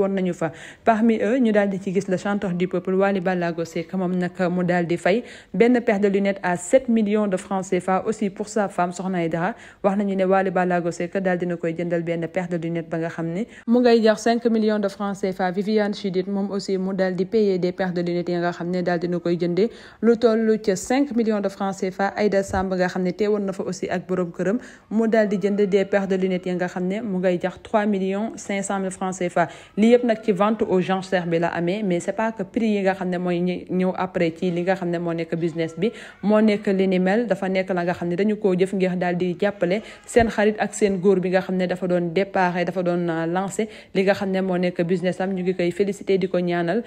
woon nañu fa parmi eux ñu daal di ci gis le chanteur du peuple Wally Ballago Seck moom nag mu daal di fay benn paire de lunettes à 7 millions de francs CFA aussi pour sa femme Soxna Aïdara wax nañu ne Wally Ballago Seck daal dina koy jëndal benn paire de lunettes ba nga xam ni mu ngay jox 5 millions de francs CFA Viviane Chidit moom aussi mu daal di payer des paires de lunettes yi nga xam ne daal dina koy jëndee lu toll ci 5 millions de francs CFA Aïda Samb nga xam ne teewoon na fa aussi ak borom këram mu daal di jënd des paires de lunettes yi nga xam ne mu ngay jax 3 millions 500 mille francs CFA lii yëpp nag ci vente aux gens cher la amee mais c'est pas que prix nga xam après ci li nga business bi moo nekk li mel la nga xam dañu koo jëf ngir di jàppale xarit ak seen góor bi nga xam dafa dafa euh, lancé li nga xam ne business am ñu ngi koy félicité di ñaanal